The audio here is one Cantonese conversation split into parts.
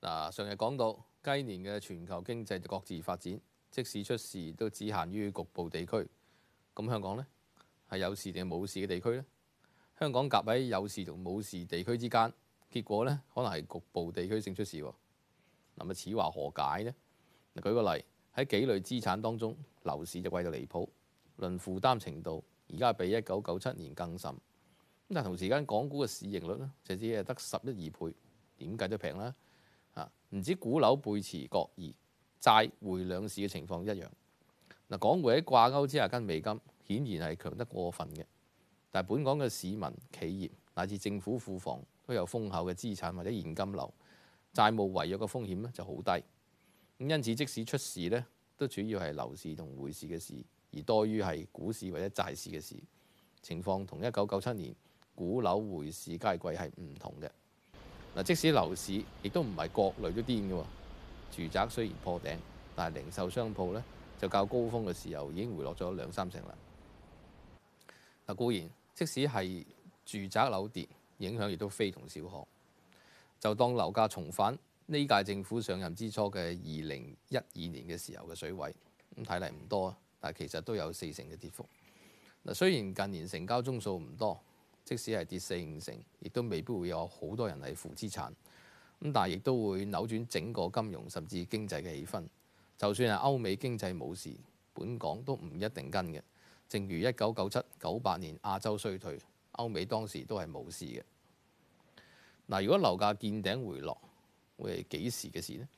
嗱，上日講到，雞年嘅全球經濟各自發展，即使出事都只限於局部地區。咁香港呢，係有事定係冇事嘅地區呢？香港夾喺有事同冇事地區之間，結果呢可能係局部地區性出事。咁啊，此話何解呢？嗱，舉個例，喺幾類資產當中，樓市就貴到離譜。論負擔程度，而家比一九九七年更甚。但同時間，港股嘅市盈率呢，就只係得十一二倍，點計都平啦。唔止股樓背馳各異，債匯兩市嘅情況一樣。嗱，港匯喺掛鈎之下跟美金，顯然係強得過分嘅。但本港嘅市民、企業乃至政府庫房都有豐厚嘅資產或者現金流，債務違約嘅風險咧就好低。因此，即使出事呢，都主要係樓市同匯市嘅事。而多於係股市或者債市嘅事，情況，同一九九七年股樓匯市皆貴係唔同嘅。嗱，即使樓市亦都唔係各類都癲嘅，住宅雖然破頂，但係零售商鋪呢，就較高峰嘅時候已經回落咗兩三成啦。嗱，固然即使係住宅樓跌，影響亦都非同小可。就當樓價重返呢屆政府上任之初嘅二零一二年嘅時候嘅水位，咁睇嚟唔多。但其實都有四成嘅跌幅。嗱，雖然近年成交宗數唔多，即使係跌四五成，亦都未必會有好多人係負資產。咁但係亦都會扭轉整個金融甚至經濟嘅氣氛。就算係歐美經濟冇事，本港都唔一定跟嘅。正如一九九七九八年亞洲衰退，歐美當時都係冇事嘅。嗱，如果樓價見頂回落，會係幾時嘅事呢？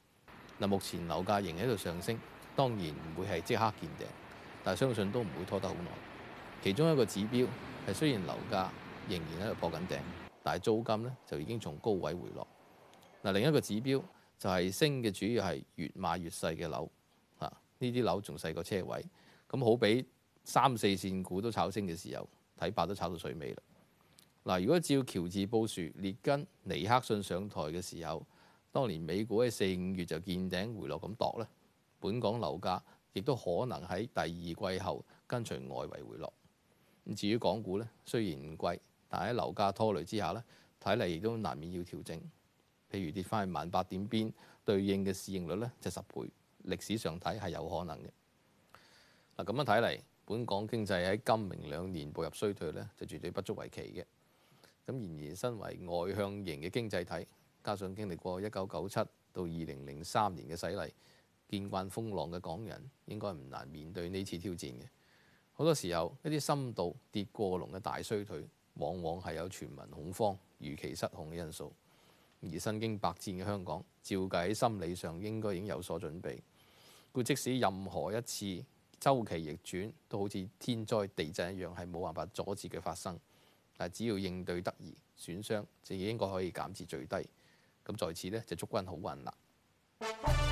嗱，目前樓價仍喺度上升，當然唔會係即刻見頂。但相信都唔會拖得好耐。其中一個指標係雖然樓價仍然喺度破緊頂，但係租金呢就已經從高位回落。嗱，另一個指標就係升嘅主要係越買越細嘅樓，嚇呢啲樓仲細過車位。咁好比三四線股都炒升嘅時候，睇怕都炒到水尾啦。嗱，如果照喬治布殊、列根、尼克遜上台嘅時候，當年美股喺四五月就見頂回落咁度咧，本港樓價，亦都可能喺第二季後跟隨外圍回落。至於港股咧，雖然唔貴，但喺樓價拖累之下咧，睇嚟都難免要調整。譬如跌翻去萬八點邊，對應嘅市盈率咧就十倍，歷史上睇係有可能嘅。嗱，咁樣睇嚟，本港經濟喺今明兩年步入衰退咧，就絕對不足為奇嘅。咁然而，身為外向型嘅經濟體，加上經歷過一九九七到二零零三年嘅洗禮。見慣風浪嘅港人應該唔難面對呢次挑戰嘅。好多時候，一啲深度跌過龍嘅大衰退，往往係有全民恐慌、預期失控嘅因素。而身經百戰嘅香港，照計喺心理上應該已經有所準備。故即使任何一次周期逆轉，都好似天災地震一樣，係冇辦法阻止佢發生。但只要應對得宜，損傷就應該可以減至最低。咁在此呢，就祝君好運啦！